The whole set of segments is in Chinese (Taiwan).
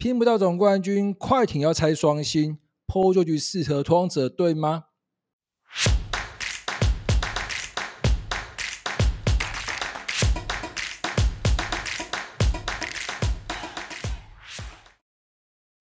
拼不到總冠軍，快艇要拆雙星，PG 就去適合拓荒者，對嗎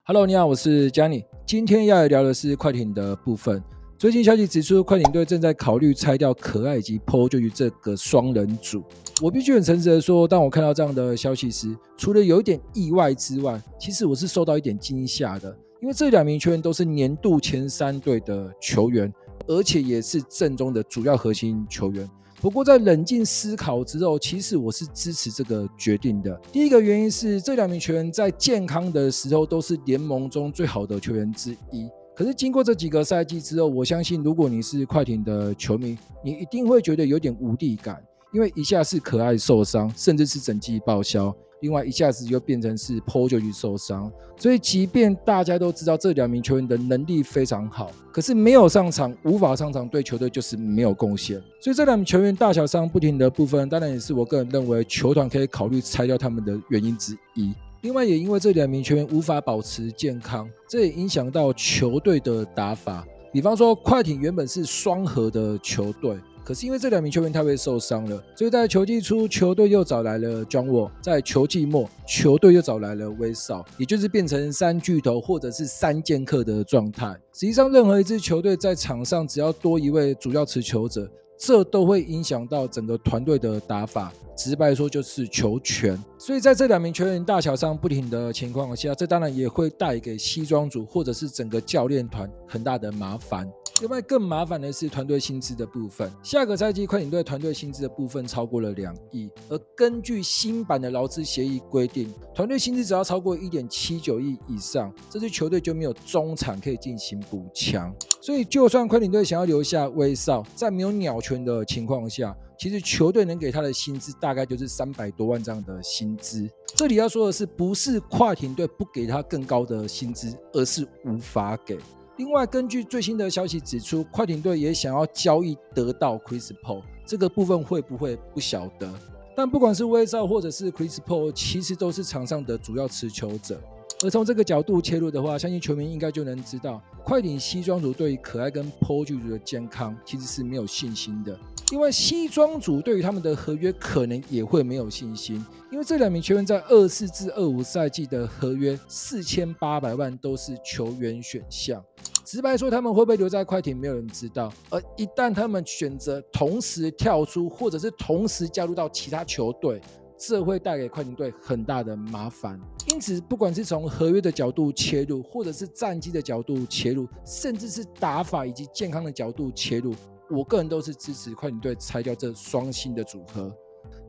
？Hello，你好，我是 Johnny。今天要來聊的是快艇的部分。最新消息指出，快艇隊正在考慮拆掉可愛以及 PG 這個雙人組。我必須很誠實的說，當我看到這樣的消息時，除了有一點意外之外，其實我是受到一點驚嚇的。因為這兩名球員都是年度前三隊的球員，而且也是陣中的主要核心球員。不過，在冷靜思考之後，其實我是支持這個決定的。第一個原因是，這兩名球員在健康的時候都是聯盟中最好的球員之一。可是經過這幾個賽季之後，我相信如果你是快艇的球迷，你一定會覺得有點無力感，因為一下是可愛受傷，甚至是整季報銷，另外一下子就變成是 PG 就去受傷。所以即便大家都知道這兩名球員的能力非常好，可是沒有上場，無法上場，對球隊就是沒有貢獻。所以這兩名球員大小傷不停的部分，當然也是我個人認為球團可以考慮拆掉他們的原因之一。另外，也因為這兩名球員無法保持健康，這也影響到球隊的打法。比方說，快艇原本是雙核的球隊，可是因為這兩名球員太會受傷了，所以在球季初，球隊又找來了 John Wall；在球季末，球隊又找來了威少，也就是變成三巨頭或者是三劍客的狀態。實際上，任何一支球隊在場上，只要多一位主要持球者。這都會影響到整個團隊的打法，直白說就是球權。所以在這兩名球員大小上不停的情況下，這當然也會帶給西裝組或者是整個教練團很大的麻煩。另外更麻煩的是團隊薪資的部分，下個賽季快艇隊團隊薪資的部分超過了兩億，而根據新版的勞資協議規定，團隊薪資只要超過一點七九億以上，這支球隊就沒有中產可以進行補強。所以，就算快艇隊想要留下威少，在沒有鳥權的情況下，其實球隊能給他的薪資大概就是三百多萬這樣的薪資。這裡要說的是，不是快艇隊不給他更高的薪資，而是無法給。另外，根據最新的消息指出，快艇隊也想要交易得到 Chris Paul，這個部分會不會不曉得？但不管是威少或者是 Chris Paul，其實都是場上的主要持球者。而從這個角度切入的話，相信球迷應該就能知道，快艇西裝組對於可愛跟 PG 的健康其實是沒有信心的，因為西裝組對於他們的合約可能也會沒有信心，因為這兩名球員在二四至二五賽季的合約四千八百萬都是球員選項，直白說他們會不會留在快艇，沒有人知道。而一旦他們選擇同時跳出，或者是同時加入到其他球隊。這會帶給快艇隊很大的麻煩，因此不管是從合約的角度切入，或者是戰績的角度切入，甚至是打法以及健康的角度切入，我個人都是支持快艇隊拆掉這雙星的組合。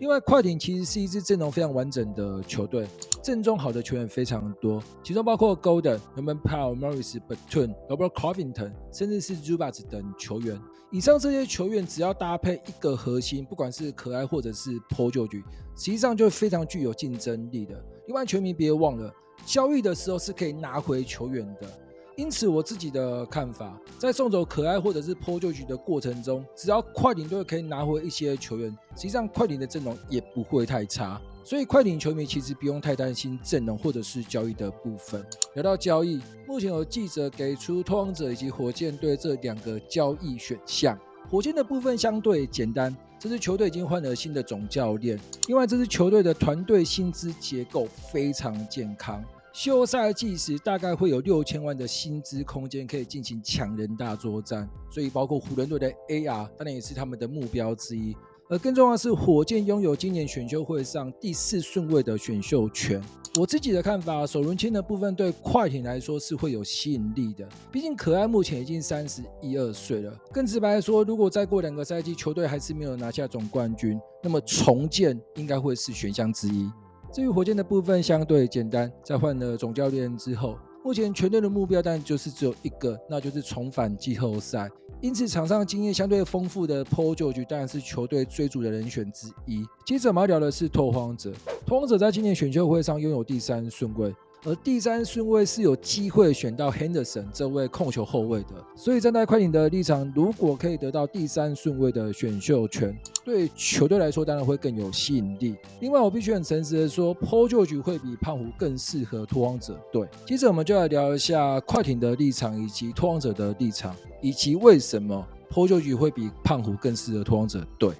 另外，快艇其實是一支陣容非常完整的球隊，陣中好的球員非常多，其中包括 Gordon、Norman Powell、Morris、Batum、Robert Covington 甚至是 Zubac 等球員。以上這些球員只要搭配一個核心，不管是可愛或者是破舊局，實際上就非常具有競爭力的。另外，球迷別忘了，交易的時候是可以拿回球員的。因此，我自己的看法，在送走可愛或者是 PG 的過程中，只要快艇隊可以拿回一些球員，實際上快艇的陣容也不會太差。所以，快艇球迷其實不用太擔心陣容或者是交易的部分。聊到交易，目前有記者給出拓荒者以及火箭隊這兩個交易選項。火箭的部分相對簡單，這支球隊已經換了新的總教練，另外這支球隊的團隊薪資結構非常健康。休賽季時，大概會有六千萬的薪資空間可以進行搶人大作戰，所以包括湖人隊的 A R，當然也是他們的目標之一。而更重要的是，火箭擁有今年選秀會上第四順位的選秀權。我自己的看法，首輪簽的部分對快艇來說是會有吸引力的，畢竟可愛目前已經三十一二歲了。更直白的說，如果再過兩個賽季球隊還是沒有拿下總冠軍，那麼重建應該會是選項之一。至於火箭的部分相對簡單，在換了總教練之後，目前全隊的目標當然就是只有一個，那就是重返季後賽。因此，場上經驗相對豐富的 Paul George 當然是球隊追逐的人選之一。接着我們要聊的是拓荒者，拓荒者在今年選秀會上擁有第三順位。而第三順位是有機會選到 Henderson 這位控球後衛的，所以站在快艇的立場，如果可以得到第三順位的選秀權，對球隊來說當然會更有吸引力。另外，我必須很誠實的說 Paul George 會比胖虎更適合拓荒者隊。接着，我們就來聊一下快艇的立場，以及拓荒者的立場，以及為什麼 Paul George 會比胖虎更適合拓荒者隊。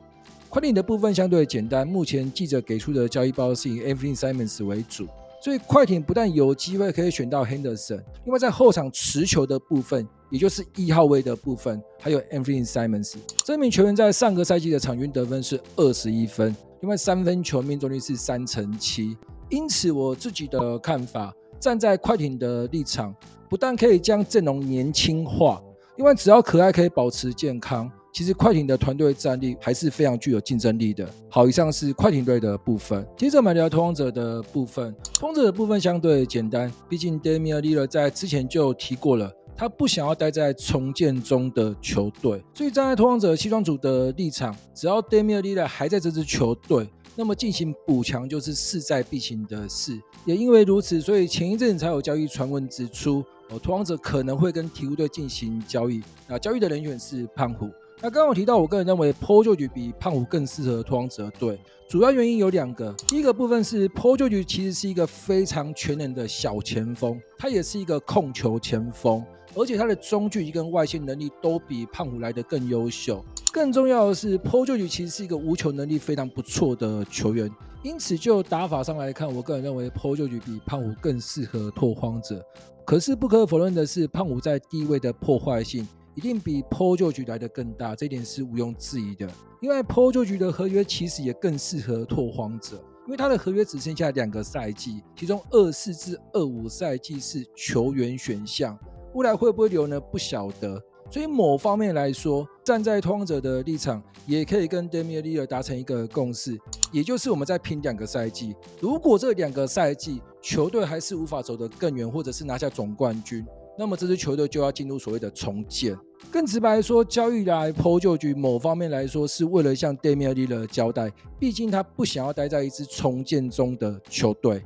快艇的部分相對簡單，目前記者給出的交易包是以 Anfernee Simons 為主。所以快艇不但有機會可以選到 Henderson，另外在後場持球的部分，也就是一號位的部分，還有 Anthony Simons，這名球員在上個賽季的場均得分是二十一分，另外三分球命中率是三成七。因此我自己的看法，站在快艇的立場，不但可以將陣容年輕化，因為只要可愛可以保持健康。其實快艇的團隊戰力還是非常具有競爭力的。好，以上是快艇隊的部分。接着我們聊拓荒者的部分。拓荒者的部分相對簡單，畢竟 Damian Lillard 在之前就提過了，他不想要待在重建中的球隊。所以站在拓荒者西裝組的立場，只要 Damian Lillard 還在這支球隊，那麼進行補強就是勢在必行的事。也因為如此，所以前一陣才有交易傳聞指出，呃、哦，拓荒者可能會跟鵜鶘隊進行交易。那交易的人選是胖虎。那剛剛我提到，我個人認為 PG 比胖虎更適合拓荒者。對，主要原因有兩個。第一個部分是 PG 其實是一個非常全能的小前鋒，他也是一個控球前鋒，而且他的中距離跟外線能力都比胖虎來得更優秀。更重要的是，PG 其實是一個無球能力非常不錯的球員。因此，就打法上來看，我個人認為 PG 比胖虎更適合拓荒者。可是不可否認的是，胖虎在低位的破壞性。一定比 Paul George 來得更大，這一點是毋庸置疑的。因為 Paul George 的合約其實也更適合拓荒者，因為他的合約只剩下兩個賽季，其中二四至二五賽季是球員選項，未來會不會留呢？不曉得。所以某方面來說，站在拓荒者的立場，也可以跟 Damian Lillard 達成一個共識，也就是我們在拼兩個賽季。如果這兩個賽季球隊還是無法走得更遠，或者是拿下總冠軍，那麼這支球隊就要進入所謂的重建。更直白說，交易來 Paul George 某方面來說，是為了向 Damian Lillard 交代，畢竟他不想要待在一支重建中的球隊。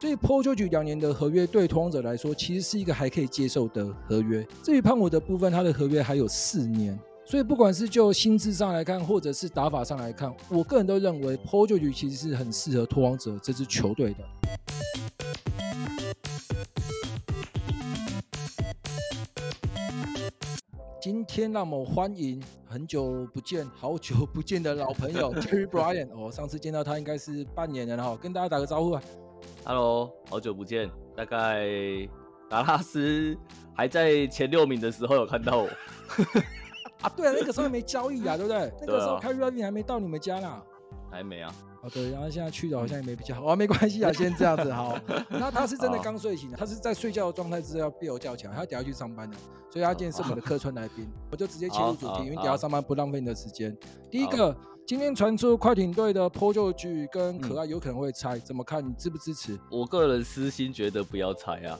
所以 Paul George 兩年的合約對拓荒者來說，其實是一個還可以接受的合約。至於判我的部分，他的合約還有四年，所以不管是就薪資上來看，或者是打法上來看，我個人都認為 Paul George 其實是很適合拓荒者這支球隊的。今天讓我們歡迎很久不見、好久不見的老朋友 Terry Bryan。我、哦、上次見到他應該是半年了哈，跟大家打個招呼啊。Hello，好久不見，大概達拉斯還在前六名的時候有看到我。 啊，對啊，那個時候還沒交易啊， 對不對、啊、對、啊？那個時候 Terry 還沒到你們家呢。還沒啊。好的，然後現在去的好像也沒比較好，啊沒關係啊，先這樣子好。他他是真的剛睡醒，他是在睡覺的狀態之下被我叫起來，他等下去上班的，所以他今天是我們的客串來賓，我就直接切入主題，因為等下上班，不浪費你的時間。第一個，今天傳出快艇隊的 Paul George 跟可愛有可能會拆，怎麼看？你支不支持？我個人私心覺得不要拆啊，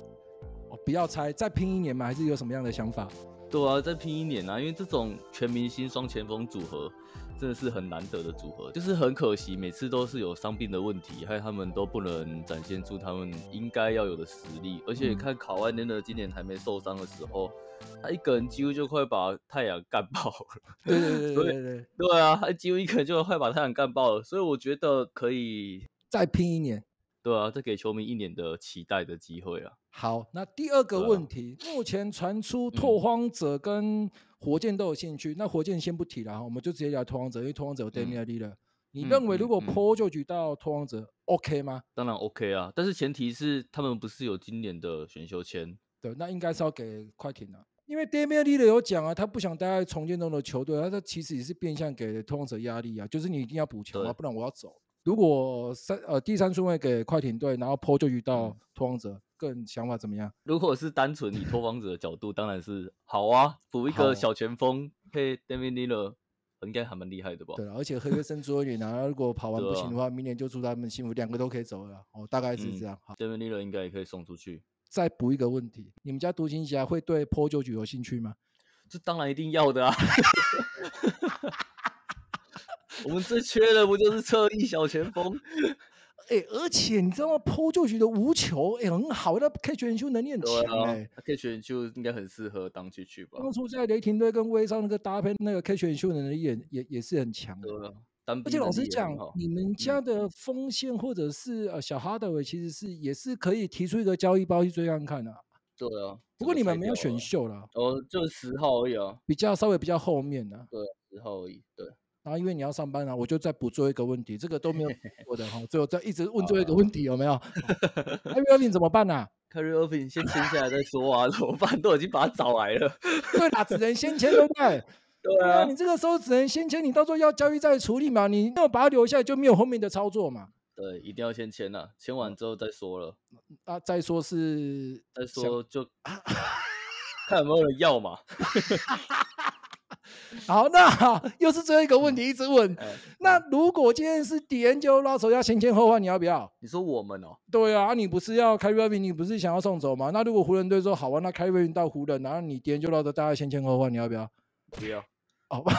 哦不要拆，再拼一年嘛，還是有什麼樣的想法？對啊，再拼一年啊！因為這種全明星雙前鋒組合真的是很難得的組合，就是很可惜，每次都是有傷病的問題，還有他們都不能展現出他們應該要有的實力。而且你看卡萬尼的今年還沒受傷的時候，嗯、他一個人幾乎就快把太陽幹爆了。對對對對對對啊，他幾乎一個人就快把太陽幹爆了，所以我覺得可以再拼一年。對啊，這給球迷一年的期待的機會啊。好，那第二個問題，啊、目前傳出拓荒者跟火箭都有興趣。嗯、那火箭先不提了，我們就直接聊拓荒者，因為拓荒者有 Damian Lillard，嗯、你認為如果破就舉到拓荒者，嗯、OK 嗎？當然 OK 啊，但是前提是他們不是有今年的選秀籤。對，那應該是要給快艇了，啊，因為 Damian Lillard 有講啊，他不想待在重建中的球隊，他他其實也是變相給了拓荒者壓力啊，就是你一定要補球啊，對不然我要走。如果三呃第三順位給快艇隊，然後坡就遇到托邦者，個人想法怎麼樣？如果是單純以托邦者的角度，當然是好啊，補一個小前鋒，以 d a m i n Llo，應該還蠻厲害的吧？對，而且赫約森朱爾納，如果跑完不行的話，明年就祝他們幸福，兩個都可以走了，哦，大概是這樣。好 d a m i n Llo 應該也可以送出去。再補一個問題，你們家獨行俠會對坡就局有興趣嗎？這當然一定要的啊！ 我們最缺的不就是側翼小前鋒？哎、 欸，而且你知道嗎 p、e、就 j 的無球哎、欸、很好，那 catch and shoot 能力很強哎，catch and shoot 應該很適合當進去吧。當初在雷霆隊跟威少那個搭配，那個 catch and shoot 能力也也也是很強的。對啊、的而且老實講，你們家的鋒線或者是呃、嗯啊、小哈德韋，其實是也是可以提出一個交易包去追看看、啊、的。對啊，不過你們沒有選秀了、啊，哦，就十號而已哦、啊，比較稍微比較後面啊，對啊，十號而已，對。然後、啊、因為你要上班啊，我就再補做一個問題，這個都沒有補過的哈，最後再一直問做一個問題啊啊啊啊啊有沒有？Kyrie Irving 怎麼辦呢？c a r Kyrie Irving 先簽下來再說啊，啊啊啊怎麼辦，都已經把它找來了，對啦，只能先簽了再。對不對？ 對啊，你這個時候只能先簽，你到時候要交易再處理嘛，你要把它留下來就沒有後面的操作嘛。對，一定要先簽了、啊，簽完之後再說了。啊，再說是再說就想 看有沒有人要嘛。 好，那好，又是最後一個問題，嗯、一直問。嗯、那如果今天是狄仁舊老手要先簽後換，你要不要？你說我們哦？對啊，啊你不是要開瑞雲？你不是想要送走嗎？那如果湖人隊說好啊，那開瑞雲到湖人，然後你狄仁舊老手大概先簽後換，你要不要？不要。好吧，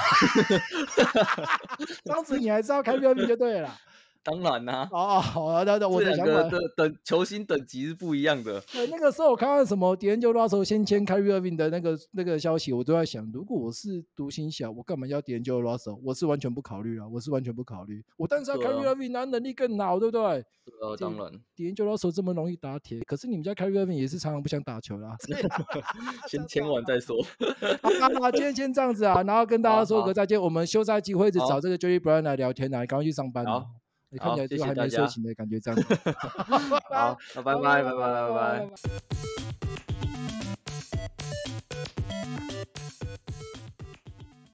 這樣子你還是要開瑞雲就對了。當然啦、啊！啊、哦，好啊，等等，我的想法，的等球星等級是不一樣的。欸、那個時候我看到什麼，D'Angelo Russell 先簽凱里·厄文的那個那個消息，我都在想，如果我是獨行俠，我幹嘛要 D'Angelo Russell？我是完全不考慮了，我是完全不考慮。我但是要凱里·厄文，能力更好，對不對？是、啊、當然。D'Angelo Russell 這麼容易打鐵，可是你們家凱里·厄文也是常常不想打球啦、啊。啊、 先簽完再說。好、 啊啊啊，今天先這樣子啊，然後跟大家說個、啊、再見。我們休賽機會好，一直找這個 Jerry Brown 來聊天啊！你趕快去上班了。好。你、欸、好看起來就還沒睡醒的謝謝感覺這樣子好 拜拜好拜拜拜拜